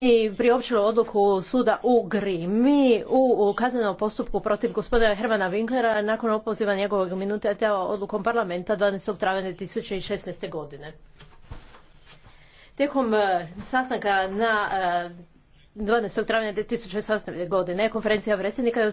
i priopćilo odluku suda u Grimi u kaznenom postupku protiv gospodina Hermana Winklera nakon opoziva njegovog teo odlukom parlamenta 12. travnja 2016. godine. Tijekom e, sastanka na 12. E, travnja 2016. godine konferencija predsjednika